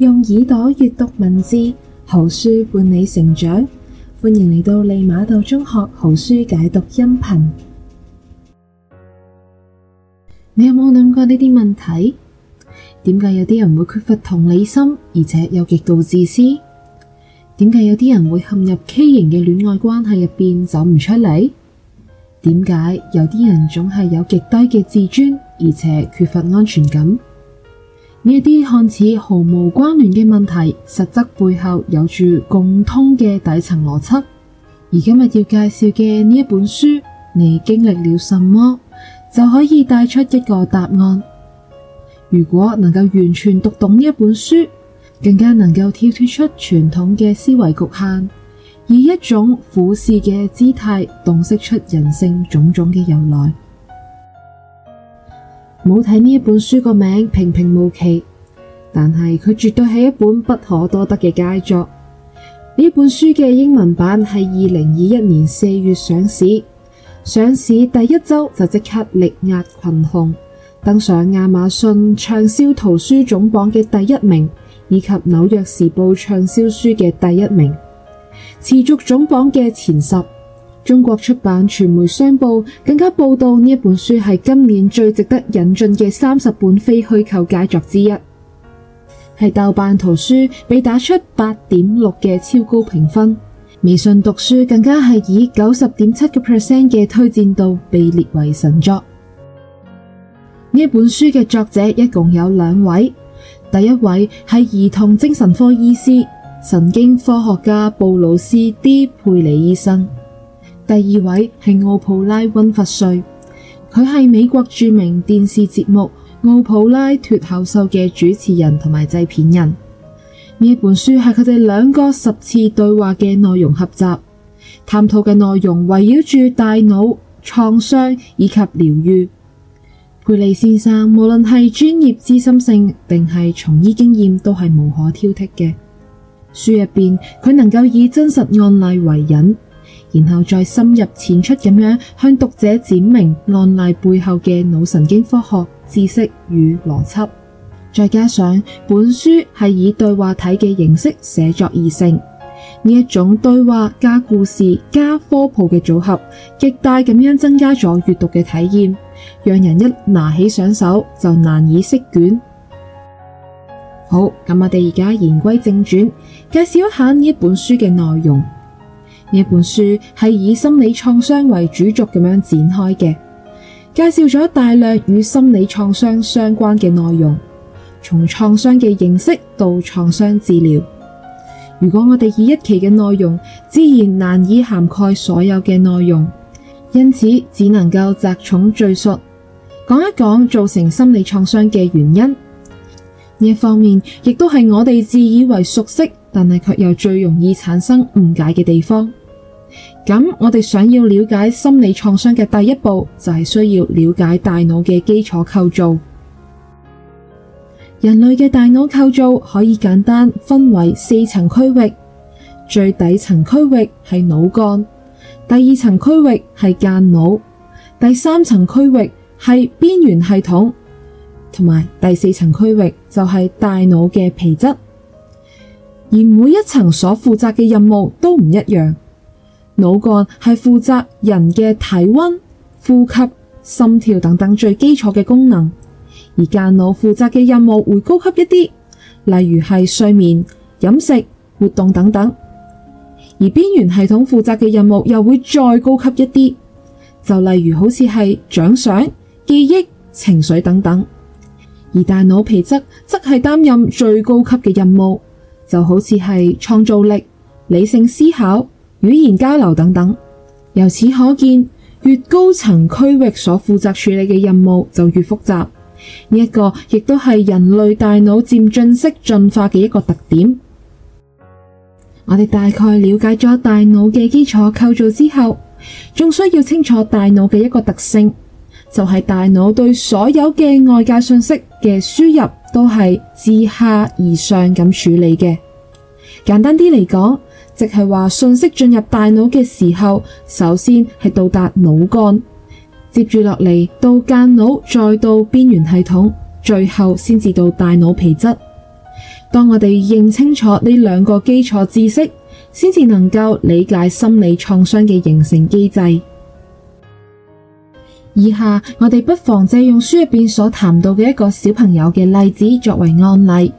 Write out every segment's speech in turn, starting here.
用耳朵閱讀文字，好書伴你成長。歡迎嚟到利馬道中學，好書解讀音頻。你有冇諗過呢啲問題？點解有啲人會缺乏同理心，而且又極度自私？點解有啲人會陷入畸形嘅戀愛關係入邊走唔出嚟？點解有啲人總係有極低嘅自尊，而且缺乏安全感？呢啲看似毫無關聯嘅問題，實質背後有住共通嘅底層邏輯。而今日要介紹嘅呢一本書，你經歷了什麼，就可以帶出一個答案。如果能夠完全讀懂呢一本書，更加能夠跳脫出傳統嘅思維局限，以一種俯視嘅姿態，洞悉出人性種種嘅由來。冇睇呢本書個名平平無奇，但係佢絕對係一本不可多得嘅佳作。呢本書嘅英文版係二零二一年四月上市，上市第一周就即刻力壓群雄，登上亞馬遜暢銷圖書總榜嘅第一名，以及紐約時報暢銷書嘅第一名，持續總榜嘅前十。中國出版傳媒商報更加報道呢本書係今年最值得引進嘅三十本非虛構佳作之一，係豆瓣圖書被打出八點六嘅超高評分，微信讀書更加係以九十點七嘅 percent 嘅推薦度被列為神作。呢本書嘅作者一共有兩位，第一位係兒童精神科醫師、神經科學家布魯斯 ·D. 佩里醫生。第二位係奧普拉溫弗瑞，佢係美國著名電視節目《奧普拉脫口秀》嘅主持人同埋製片人。呢本書係佢哋兩個十次對話嘅內容合集，探討嘅內容圍繞住大腦、創傷以及療愈。佩利先生無論係專業知心性定係從醫經驗都係無可挑剔嘅。書入面，佢能夠以真實案例為引。然後再深入淺出咁樣向讀者展明案例背後嘅腦神經科學知識與邏輯，再加上本書係以對話體嘅形式寫作而成，呢一種對話加故事加科普嘅組合，極大咁樣增加咗閱讀嘅體驗，讓人一拿起上手就難以釋卷。好，咁我哋而家言歸正傳，介紹一下呢本書嘅內容。呢本書係以心理創傷為主軸咁樣展開嘅，介紹咗大量與心理創傷相關嘅內容，從創傷嘅認識到創傷治療。如果我哋以一期嘅內容，自然難以涵蓋所有嘅內容，因此只能夠擇重敘述，講一講造成心理創傷嘅原因。呢一方面亦都係我哋自以為熟悉，但係卻又最容易產生誤解嘅地方。咁我哋想要了解心理創傷嘅第一步，就係需要了解大腦嘅基礎構造。人類嘅大腦構造可以簡單分為四層區域，最底層區域係腦幹，第二層區域係間腦，第三層區域係邊緣系統，同埋第四層區域就係大腦嘅皮質。而每一層所負責嘅任務都唔一樣。腦幹係負責人嘅體溫、呼吸、心跳等等最基礎嘅功能，而間腦負責嘅任務會高級一啲，例如係睡眠、飲食、活動等等。而邊緣系統負責嘅任務又會再高級一啲，就例如好似係獎賞、記憶、情緒等等。而大腦皮質則係擔任最高級嘅任務，就好似係創造力、理性思考、語言交流等等，由此可見，越高層區域所負責處理嘅任務就越複雜。呢一個亦都係人類大腦漸進式進化嘅一個特點。我哋大概了解咗大腦嘅基礎構造之後，仲需要清楚大腦嘅一個特性，就係大腦對所有嘅外界信息嘅輸入都係自下而上咁處理嘅。簡單啲嚟講。即係話，訊息進入大腦嘅時候，首先係到達腦幹，接住落嚟，到間腦，再到邊緣系統，最後先至到大腦皮質。當我哋認清楚呢兩個基礎知識，先至能夠理解心理創傷嘅形成機制。以下我哋不妨借用書入邊所談到嘅一個小朋友嘅例子作為案例。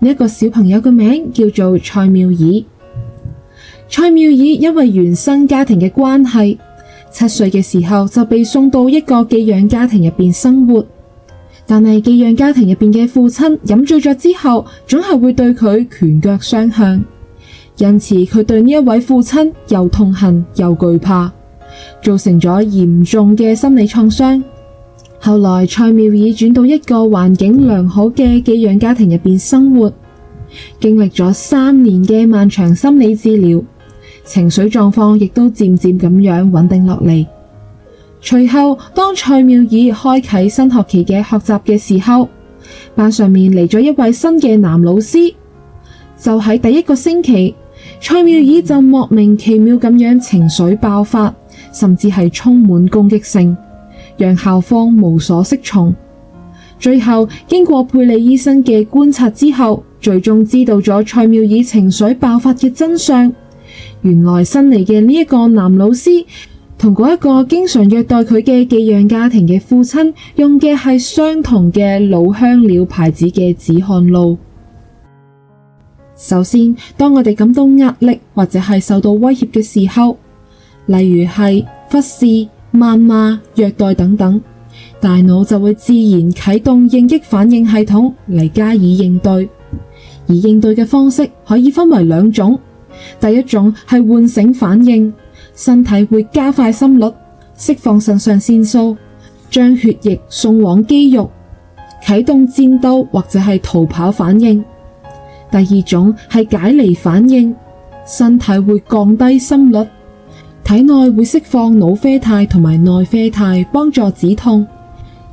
呢一個小朋友嘅名叫做塞繆爾。塞繆爾因為原生家庭嘅關係，七歲嘅時候就被送到一個寄養家庭入邊生活。但係寄養家庭入邊嘅父親飲醉咗之後，總係會對佢拳腳相向，因此佢對呢一位父親又痛恨又懼怕，造成咗嚴重嘅心理創傷。後來塞繆爾轉到一個環境良好嘅寄養家庭入邊生活，經歷咗三年嘅漫長心理治療。情緒狀況亦都漸漸咁樣穩定落嚟。隨後，當塞繆爾開啟新學期嘅學習嘅時候，班上面嚟咗一位新嘅男老師。就喺第一個星期，塞繆爾就莫名其妙咁樣情緒爆發，甚至係充滿攻擊性，讓校方無所適從。最後，經過佩里醫生嘅觀察之後，最終知道咗塞繆爾情緒爆發嘅真相。原來新嚟嘅呢一個男老師同嗰一個經常虐待佢嘅寄養家庭嘅父親用嘅係相同嘅老香料牌子嘅止汗露。首先，當我哋感到壓力或者係受到威脅嘅時候，例如係忽視、謾罵、虐待等等，大腦就會自然啟動應激反應系統嚟加以應對，而應對嘅方式可以分為兩種。第一種係喚醒反應，身體會加快心率，釋放腎上腺素，將血液送往肌肉，啟動戰鬥或者係逃跑反應。第二種係解離反應，身體會降低心率，體內會釋放腦啡肽同埋內啡肽，幫助止痛，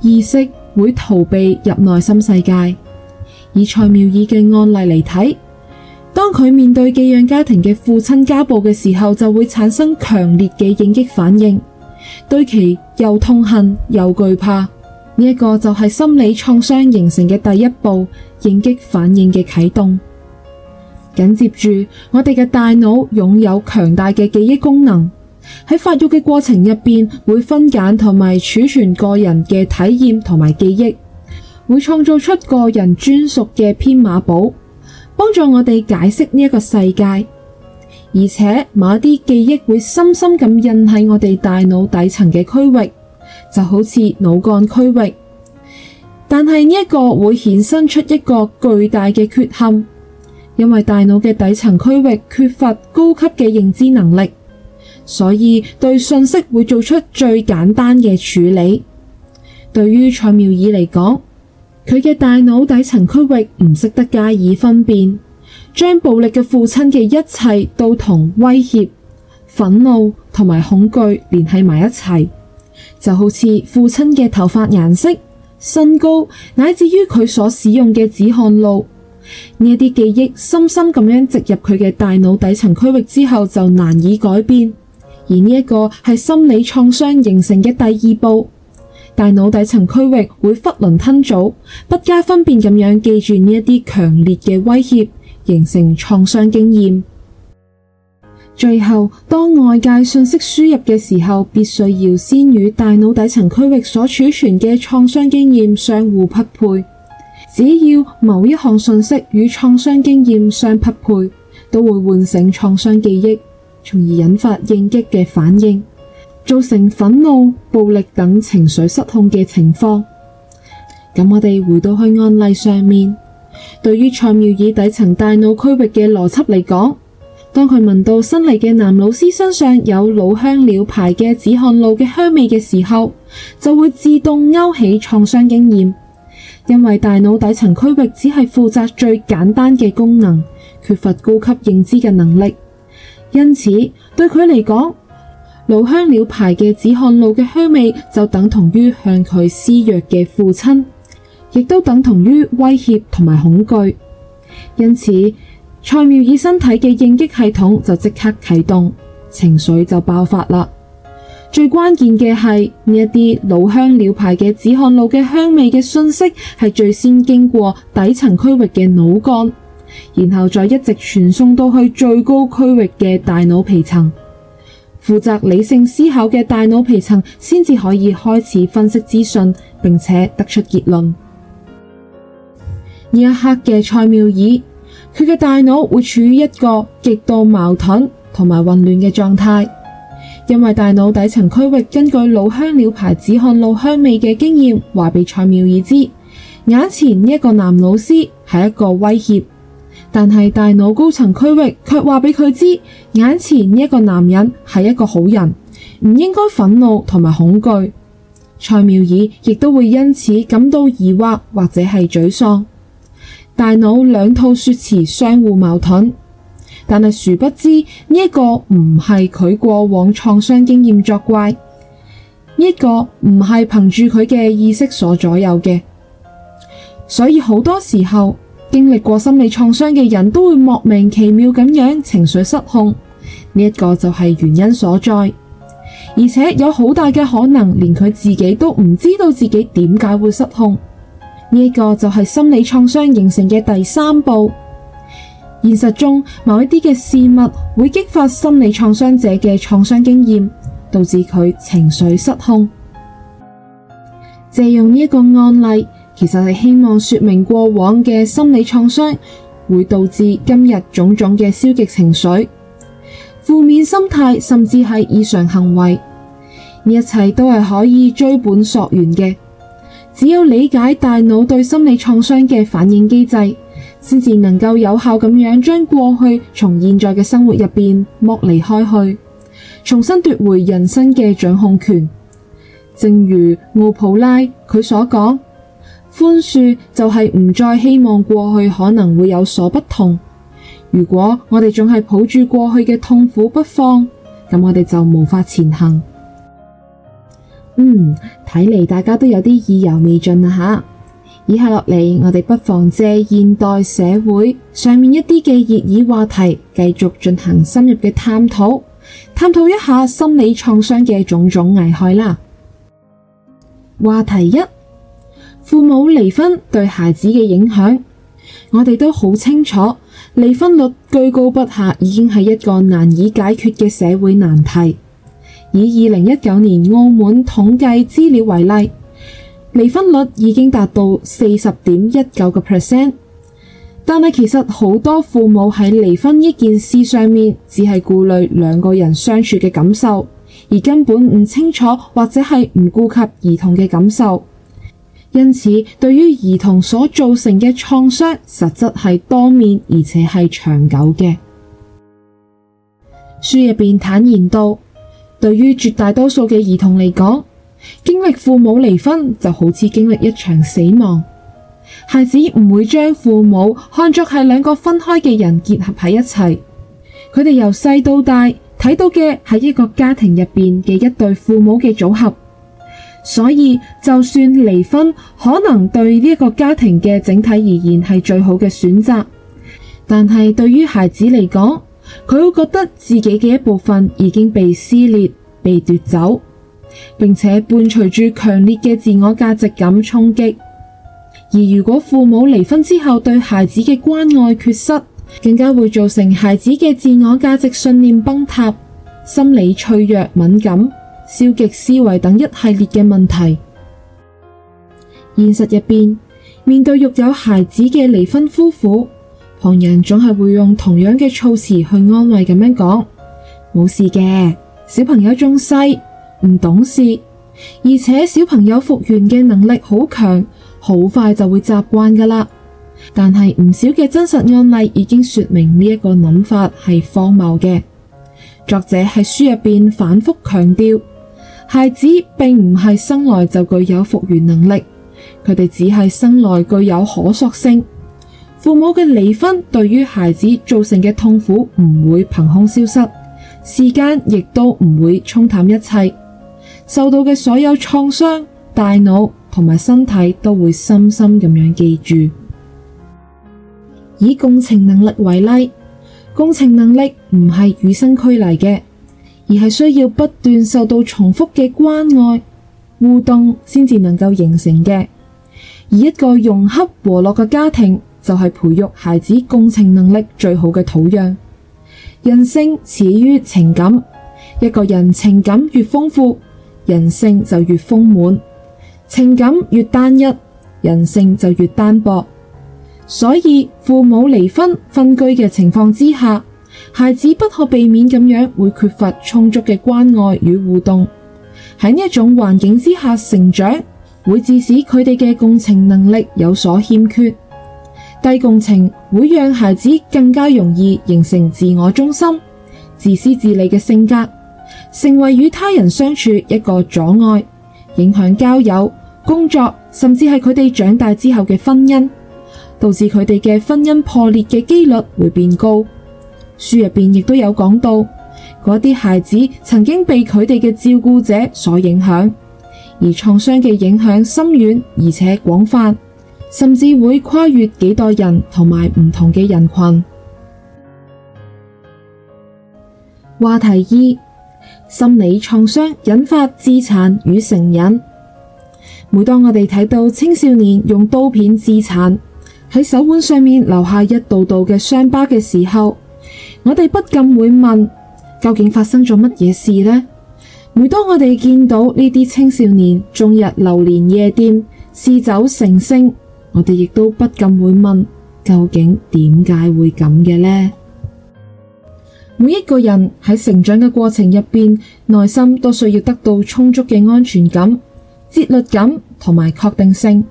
意識會逃避入內心世界。以塞繆爾嘅案例嚟睇。當佢面對寄養家庭嘅父親家暴嘅時候，就會產生強烈嘅應激反應，對其又痛恨又懼怕。呢一個就係心理創傷形成嘅第一步，應激反應嘅啟動。緊接住，我哋嘅大腦擁有強大嘅記憶功能，喺發育嘅過程入邊會分揀同埋儲存個人嘅體驗同埋記憶，會創造出個人專屬嘅編碼簿。幫助我哋解釋呢一個世界，而且某一啲記憶會深深咁印喺我哋大腦底層嘅區域，就好似腦幹區域。但係呢一個會衍生出一個巨大嘅缺陷，因為大腦嘅底層區域缺乏高級嘅認知能力，所以對信息會做出最簡單嘅處理。對於塞繆爾嚟講。佢嘅大腦底層區域唔識得加以分辨，將暴力嘅父親嘅一切都同威脅、憤怒同埋恐懼連繫埋一齊，就好似父親嘅頭髮顏色、身高乃至於佢所使用嘅止汗露，呢一啲記憶深深咁樣植入佢嘅大腦底層區域之後就難以改變，而呢一個係心理創傷形成嘅第二步。大腦底層區域會囫圇吞棗，不加分辨咁樣記住呢一啲強烈嘅威脅，形成創傷經驗。最後，當外界信息輸入嘅時候，必須要先與大腦底層區域所儲存嘅創傷經驗相互匹配。只要某一項信息與創傷經驗相匹配，都會喚醒創傷記憶，從而引發應激嘅反應。造成憤怒、暴力等情緒失控嘅情況。咁我哋回到去案例上面，對於塞繆爾底層大腦區域嘅邏輯嚟講，當佢聞到新嚟嘅男老師身上有老香料牌嘅止汗露嘅香味嘅時候，就會自動勾起創傷經驗，因為大腦底層區域只係負責最簡單嘅功能，缺乏高級認知嘅能力，因此對佢嚟講。老香料牌嘅止汗露嘅香味就等同於向佢施虐嘅父親，亦都等同於威脅同埋恐懼，因此塞繆爾身體嘅應激系統就即刻啟動，情緒就爆發啦。最關鍵嘅係呢一啲老香料牌嘅止汗露嘅香味嘅信息係最先經過底層區域嘅腦乾，然後再一直傳送到去最高區域嘅大腦皮層。負責理性思考嘅大腦皮層先至可以開始分析資訊，並且得出結論。呢一刻嘅塞繆爾，佢嘅大腦會處於一個極度矛盾同埋混亂嘅狀態，因為大腦底層區域根據老香料牌子看老香味嘅經驗，話俾塞繆爾知，眼前呢個男老師係一個威脅。但係大腦高層區域卻話畀佢知，眼前呢一個男人係一個好人，唔應該憤怒同埋恐懼。塞繆爾亦都會因此感到疑惑或者係沮喪。大腦兩套說辭相互矛盾，但係殊不知呢一個唔係佢過往創傷經驗作怪，呢個唔係憑住佢嘅意識所左右嘅，所以好多時候。經歷過心理創傷嘅人都會莫名其妙咁樣情緒失控，呢一個就係原因所在，而且有好大嘅可能連佢自己都唔知道自己點解會失控，呢一個就係心理創傷形成嘅第三步。現實中某一啲嘅事物會激發心理創傷者嘅創傷經驗，導致佢情緒失控。借用呢一個案例。其實係希望說明過往嘅心理創傷會導致今日種種嘅消極情緒、負面心態，甚至係異常行為。呢一切都係可以追本溯源嘅，只有理解大腦對心理創傷嘅反應機制，先至能夠有效咁樣將過去從現在嘅生活入邊剝離開去，重新奪回人生嘅掌控權。正如奧普拉佢所講。寬恕就係唔再希望過去可能會有所不同。如果我哋仲係抱住過去嘅痛苦不放，咁我哋就無法前行。嗯，睇嚟大家都有啲意猶未盡啦、啊、吓。以下落嚟，我哋不妨借現代社會上面一啲嘅熱議話題，繼續進行深入嘅探討，探討一下心理創傷嘅種種危害啦。話題一。父母離婚對孩子嘅影響，我哋都好清楚。離婚率居高不下，已經係一個難以解決嘅社會難題。以二零一九年澳門統計資料為例，離婚率已經達到四十點一九個 percent。但係其實好多父母喺離婚呢件事上面，只係顧慮兩個人相處嘅感受，而根本唔清楚或者係唔顧及兒童嘅感受。因此，對於兒童所造成嘅創傷，實質係多面而且係長久嘅。書入邊坦言道，對於絕大多數嘅兒童嚟講，經歷父母離婚就好似經歷一場死亡。孩子唔會將父母看作係兩個分開嘅人結合喺一齊，佢哋由細到大睇到嘅係一個家庭入邊嘅一對父母嘅組合。所以，就算離婚，可能對呢個家庭嘅整體而言係最好嘅選擇，但係對於孩子嚟講，佢會覺得自己嘅一部分已經被撕裂、被奪走，並且伴隨住強烈嘅自我價值感衝擊。而如果父母離婚之後對孩子嘅關愛缺失，更加會造成孩子嘅自我價值信念崩塌，心理脆弱敏感。消極思維等一系列嘅問題。現實入邊，面對育有孩子嘅離婚夫婦，旁人總係會用同樣嘅措辭去安慰，咁樣講：冇事嘅，小朋友仲細，唔懂事，而且小朋友復原嘅能力好強，好快就會習慣噶啦。但係唔少嘅真實案例已經說明呢一個諗法係荒謬嘅。作者喺書入邊反覆強調。孩子並唔係生來就具有復原能力，佢哋只係生來具有可塑性。父母嘅離婚對於孩子造成嘅痛苦唔會憑空消失，時間亦都唔會沖淡一切。受到嘅所有創傷，大腦同埋身體都會深深咁樣記住。以共情能力為例，共情能力唔係與生俱來嘅。而係需要不斷受到重複嘅關愛互動，先至能夠形成嘅。而一個融洽和樂嘅家庭，就係培育孩子共情能力最好嘅土壤。人性始於情感，一個人情感越豐富，人性就越豐滿；情感越單一，人性就越單薄。所以，父母離婚、分居嘅情況之下，孩子不可避免咁樣會缺乏充足嘅關愛與互動，喺呢一種環境之下成長，會致使佢哋嘅共情能力有所欠缺。低共情會讓孩子更加容易形成自我中心、自私自利嘅性格，成為與他人相處一個阻礙，影響交友、工作，甚至係佢哋長大之後嘅婚姻，導致佢哋嘅婚姻破裂嘅幾率會變高。書入邊亦都有講到，嗰啲孩子曾經被佢哋嘅照顧者所影響，而創傷嘅影響深遠而且廣泛，甚至會跨越幾代人同埋唔同嘅人群。話題二：心理創傷引發自殘與成癮。每當我哋睇到青少年用刀片自殘，喺手腕上面留下一道道嘅傷疤嘅時候，我哋不禁會問，究竟發生咗乜嘢事呢？每當我哋見到呢啲青少年終日流連夜店、嗜酒成性，我哋亦都不禁會問，究竟點解會咁嘅呢？每一個人喺成長嘅過程入面，內心都需要得到充足嘅安全感、節律感同埋確定性。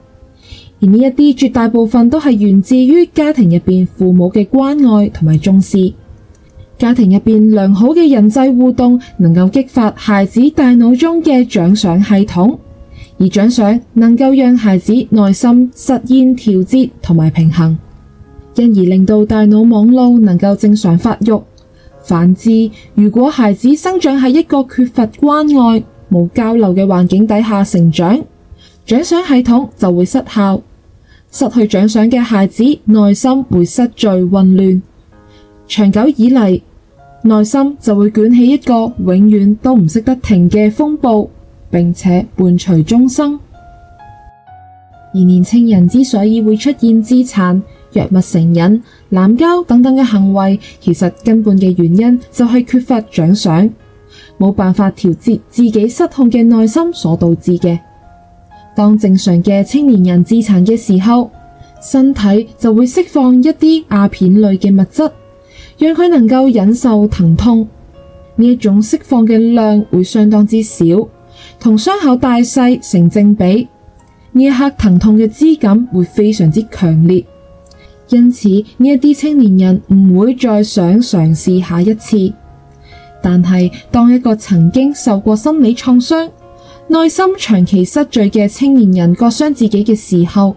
而呢一啲絕大部分都係源自於家庭入邊父母嘅關愛同埋重視，家庭入邊良好嘅人際互動能夠激發孩子大腦中嘅獎賞系統，而獎賞能夠讓孩子內心實現調節同埋平衡，因而令到大腦網絡能夠正常發育。反之，如果孩子生長喺一個缺乏關愛、冇交流嘅環境底下成長，獎賞系統就會失效，失去獎賞嘅孩子內心會失序混亂，長久以嚟內心就會捲起一個永遠都唔識得停嘅風暴，並且伴隨終生。而年青人之所以會出現自殘、藥物成癮、濫交等等嘅行為，其實根本嘅原因就係缺乏獎賞，冇辦法調節自己失控嘅內心所導致嘅。當正常嘅青年人自殘嘅時候，身體就會釋放一啲鴉片類嘅物質，讓佢能夠忍受疼痛。呢一種釋放嘅量會相當之少，同傷口大細成正比。呢一刻疼痛嘅質感會非常之強烈，因此呢一啲青年人唔會再想嘗試下一次。但係當一個曾經受過心理創傷，內心長期失序嘅青年人割傷自己嘅時候，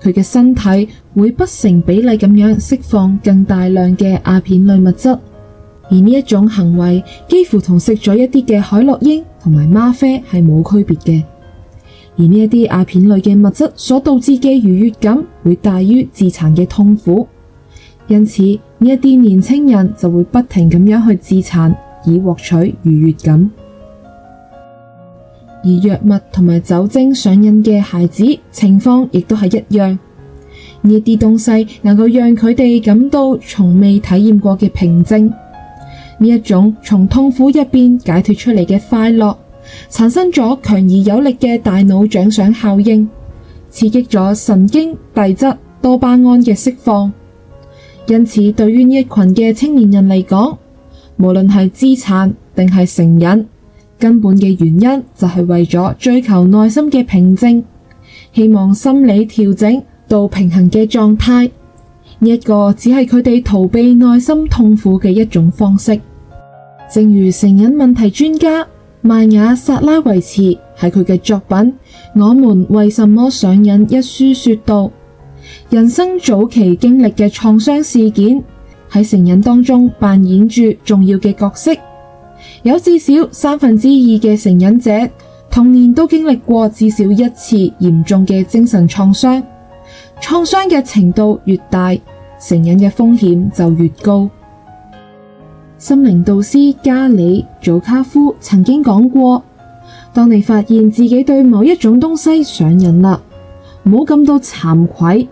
佢嘅身體會不成比例咁樣釋放更大量嘅鴉片類物質，而呢一種行為幾乎同食咗一啲嘅海洛因同埋嗎啡係冇區別嘅。而呢一啲鴉片類嘅物質所導致嘅愉悦感會大於自殘嘅痛苦，因此呢一啲年輕人就會不停咁樣去自殘以獲取愉悅感。而藥物同埋酒精上癮嘅孩子情況亦都係一樣，呢啲東西能夠讓佢哋感到從未體驗過嘅平靜，呢一種從痛苦入邊解脫出嚟嘅快樂，產生咗強而有力嘅大腦獎賞效應，刺激咗神經遞質多巴胺嘅釋放，因此對於呢一群嘅青年人嚟講，無論係自殘定係成癮。根本的原因就是為了追求內心的平靜，希望心理調整到平衡的狀態，一個只是他們逃避內心痛苦的一種方式。正如成癮問題專家，邁雅薩拉維茨，是他的作品，我們為什麼上癮一書說道，人生早期經歷的創傷事件，在成癮當中扮演着重要的角色，有至少三分之二嘅成癮者，童年都經歷過至少一次嚴重嘅精神創傷。創傷嘅程度越大，成癮嘅風險就越高。心靈導師加里祖卡夫曾經講過，當你發現自己對某一種東西上癮啦，唔好感到慚愧，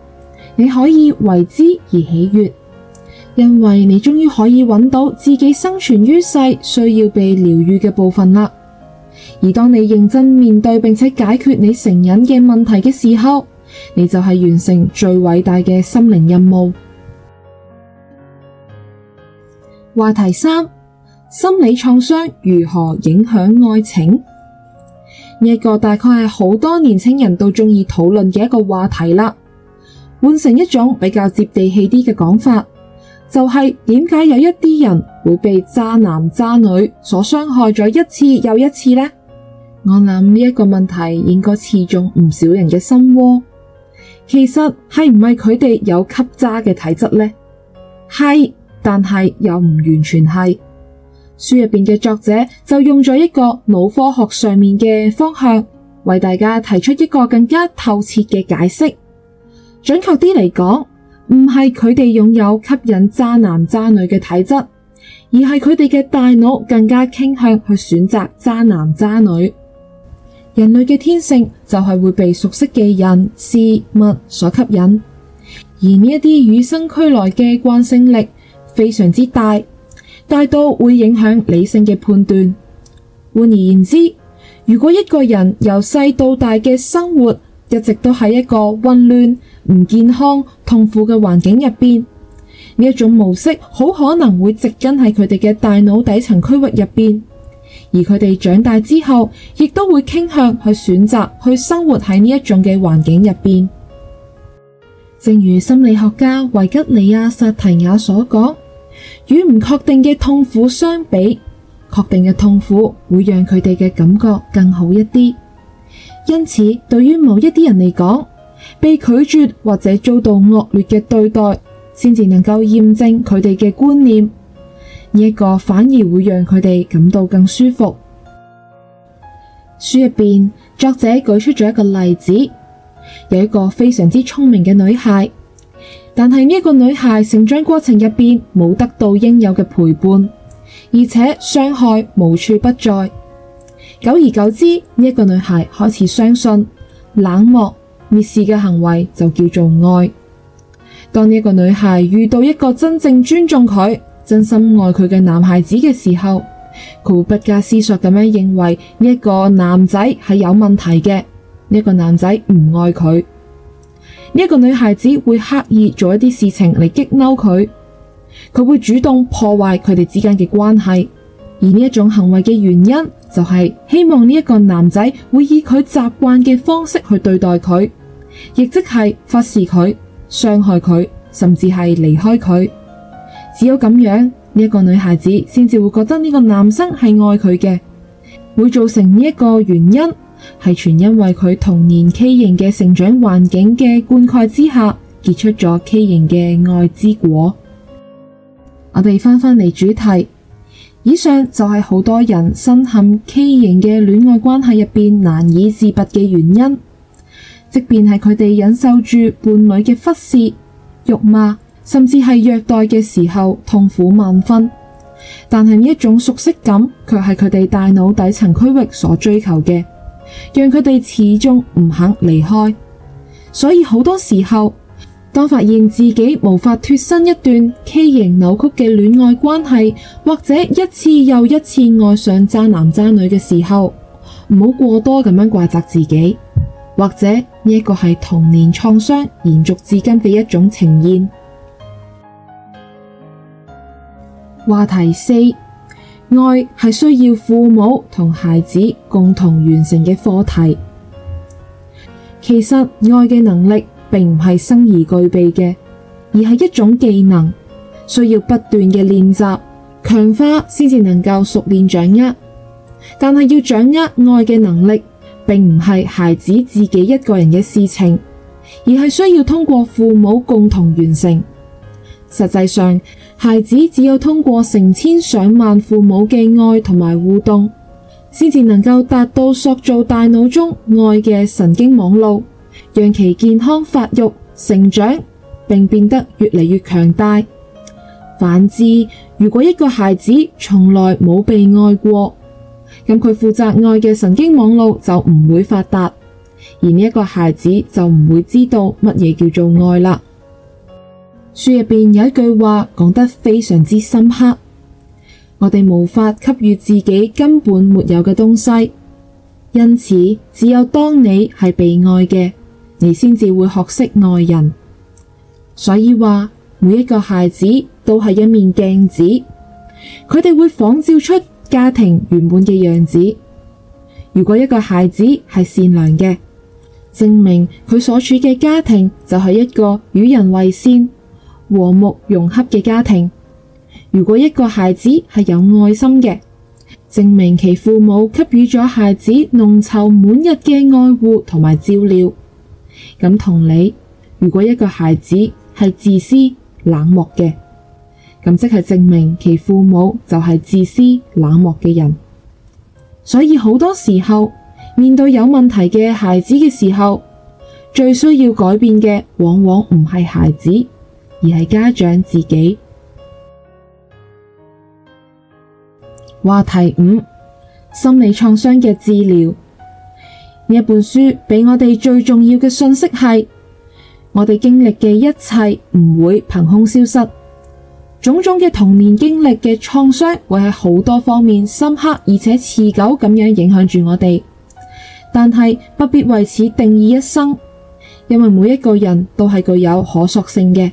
你可以為之而喜悅。因為你終於可以揾到自己生存於世需要被療愈嘅部分啦。而當你認真面對並且解決你成癮嘅問題嘅時候，你就係完成最偉大嘅心靈任務。話題三：心理創傷如何影響愛情？呢一個大概係好多年輕人都鍾意討論嘅一個話題啦。換成一種比較接地氣啲嘅講法。就係點解有一啲人會被渣男渣女所傷害咗一次又一次呢？我諗呢一個問題應該刺中唔少人嘅心窩。其實係唔係佢哋有吸渣嘅體質呢？係，但係又唔完全係。書入邊嘅作者就用咗一個腦科學上面嘅方向，為大家提出一個更加透徹嘅解釋。準確啲嚟講。唔係佢哋擁有吸引渣男渣女嘅體質，而係佢哋嘅大腦更加傾向去選擇渣男渣女。人類嘅天性就係會被熟悉嘅人、事物所吸引，而呢一啲與生俱來嘅慣性力非常之大，大到會影響理性嘅判斷。換而言之，如果一個人由細到大嘅生活，一直都喺一個混亂、唔健康、痛苦嘅環境入邊，呢一種模式好可能會植根喺佢哋嘅大腦底層區域入邊，而佢哋長大之後，亦都會傾向去選擇去生活喺呢一種嘅環境入邊。正如心理學家維吉尼亞薩提亞所講，與唔確定嘅痛苦相比，確定嘅痛苦會讓佢哋嘅感覺更好一啲。因此，對於某一啲人嚟講，被拒絕或者遭到惡劣嘅對待，先至能夠驗證佢哋嘅觀念。呢一個反而會讓佢哋感到更舒服。書入邊，作者舉出咗一個例子，有一個非常之聰明嘅女孩，但係呢一個女孩成長過程入邊冇得到應有嘅陪伴，而且傷害無處不在。久而久之，呢一個女孩開始相信冷漠、蔑視嘅行為就叫做愛。當呢一個女孩遇到一個真正尊重佢、真心愛佢嘅男孩子嘅時候，佢會不假思索咁樣認為呢一個男仔係有問題嘅，呢一個男仔唔愛佢。呢一個女孩子會刻意做一啲事情嚟激嬲佢，佢會主動破壞佢哋之間嘅關係。而呢一種行為嘅原因，就係希望呢一個男仔會以佢習慣嘅方式去對待佢，亦即係忽視佢，傷害佢，甚至係離開佢。只有咁樣呢一，這個女孩子先至會覺得呢個男生係愛佢嘅。會造成呢一個原因，係全因為佢童年畸形嘅成長環境嘅灌溉之下結出咗畸形嘅愛之果。我哋翻返嚟主題。以上就係好多人深陷畸形嘅戀愛關係入面難以自拔嘅原因。即便係佢哋忍受住伴侶嘅忽視、辱罵，甚至係虐待嘅時候痛苦萬分，但係呢種熟悉感卻係佢哋大腦底層區域所追求嘅，讓佢哋始終唔肯離開。所以好多時候。當發現自己無法脫身一段畸形扭曲嘅戀愛關係，或者一次又一次愛上渣男渣女嘅時候，唔好過多咁樣怪責自己，或者呢一，呢個係童年創傷延續至今嘅一種呈現。話題四，愛係需要父母同孩子共同完成嘅課題。其實愛嘅能力。並唔係生而具備嘅，而係一種技能，需要不斷嘅練習強化，先至能夠熟練掌握。但係要掌握愛嘅能力，並唔係孩子自己一個人嘅事情，而係需要通過父母共同完成。實際上，孩子只有通過成千上萬父母嘅愛同埋互動，先至能夠達到塑造大腦中愛嘅神經網絡。讓其健康發育、成長，並變得越嚟越強大。反之，如果一個孩子從來冇被愛過，咁佢負責愛嘅神經網絡就唔會發達，而呢一個孩子就唔會知道乜嘢叫做愛啦。書入邊有一句話講得非常之深刻，我哋無法給予自己根本沒有嘅東西，因此只有當你係被愛嘅。你先至會學識愛人，所以話每一個孩子都係一面鏡子，佢哋會仿照出家庭原本嘅樣子。如果一個孩子係善良嘅，證明佢所處嘅家庭就係一個與人為善、和睦融洽嘅家庭。如果一個孩子係有愛心嘅，證明其父母給予咗孩子濃稠滿日嘅愛護同埋照料。咁同理，如果一個孩子係自私冷漠嘅，咁即係證明其父母就係自私冷漠嘅人。所以好多時候，面對有問題嘅孩子嘅時候，最需要改變嘅往往唔係孩子，而係家長自己。話題五：心理創傷嘅治療。一本書俾我哋最重要嘅信息係，我哋經歷嘅一切唔會憑空消失，種種嘅童年經歷嘅創傷會喺好多方面深刻而且持久咁樣影響住我哋。但係不必為此定義一生，因為每一個人都係具有可塑性嘅，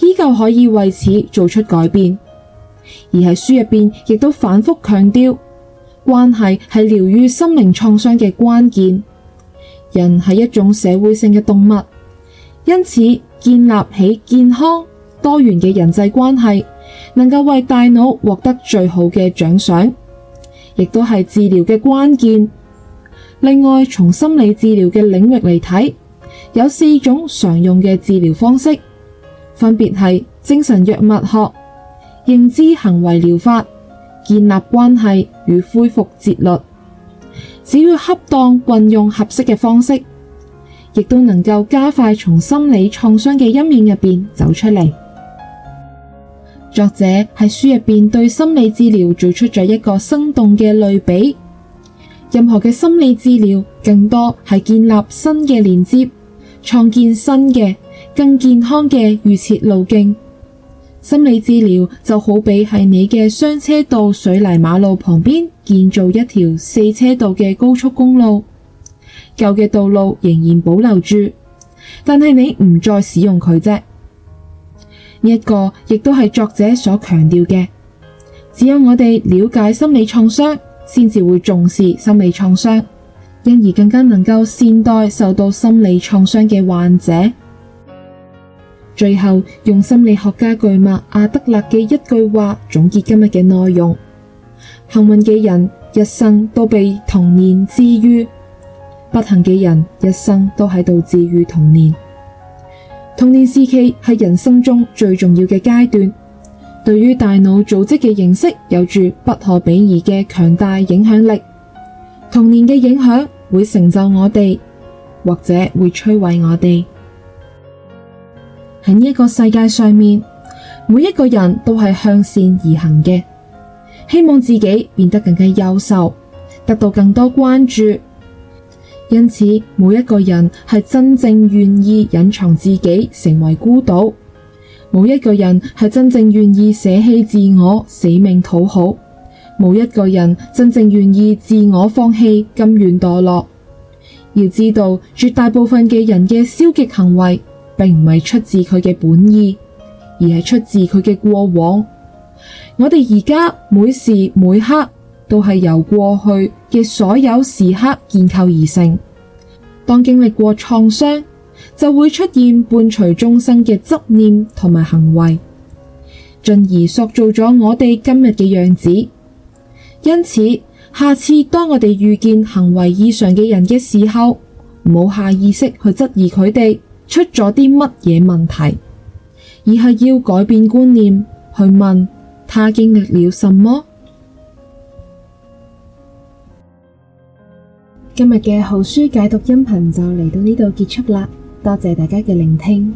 依舊可以為此做出改變。而喺書入邊亦都反復強調。關係係療愈心靈創傷嘅關鍵，人係一種社會性嘅動物，因此建立起健康多元嘅人際關係，能夠為大腦獲得最好嘅獎賞，亦都係治療嘅關鍵。另外，從心理治療嘅領域嚟睇，有四種常用嘅治療方式，分別係精神藥物學、認知行為療法。建立關係與恢復節律，只要恰當運用合適嘅方式，亦都能夠加快從心理創傷嘅陰影入邊走出嚟。作者喺書入邊對心理治療做出咗一個生動嘅類比，任何嘅心理治療更多係建立新嘅連接，創建新嘅、更健康嘅預設路徑。心理治療就好比係你嘅雙車道水泥馬路旁邊建造一條四車道嘅高速公路，舊嘅道路仍然保留住，但係你唔再使用佢啫。呢一個亦都係作者所強調嘅，只有我哋了解心理創傷，先至會重視心理創傷，因而更加能夠善待受到心理創傷嘅患者。最後，用心理學家巨物阿德勒嘅一句話總結今日嘅內容：幸運嘅人一生都被童年治癒，不幸嘅人一生都喺度治癒童年。童年時期係人生中最重要嘅階段，對於大腦組織嘅認識有住不可比擬嘅強大影響力。童年嘅影響會成就我哋，或者會摧毀我哋。喺呢個世界上面，每一個人都係向善而行嘅，希望自己變得更加優秀，得到更多關注。因此，冇一個人係真正願意隱藏自己成為孤島，冇一個人係真正願意捨棄自我，死命討好，冇一個人真正願意自我放棄，甘願墮落。要知道，絕大部分嘅人嘅消極行為。並唔係出自佢嘅本意，而係出自佢嘅過往。我哋而家每時每刻都係由過去嘅所有時刻建構而成。當經歷過創傷，就會出現伴隨終生嘅執念同埋行為，進而塑造咗我哋今日嘅樣子。因此，下次當我哋遇見行為異常嘅人嘅時候，唔好下意識去質疑佢哋。出咗啲乜嘢問題，而係要改變觀念，去問他經歷了什麼。今日嘅好書解讀音頻就嚟到呢度結束啦，多謝大家嘅聆聽。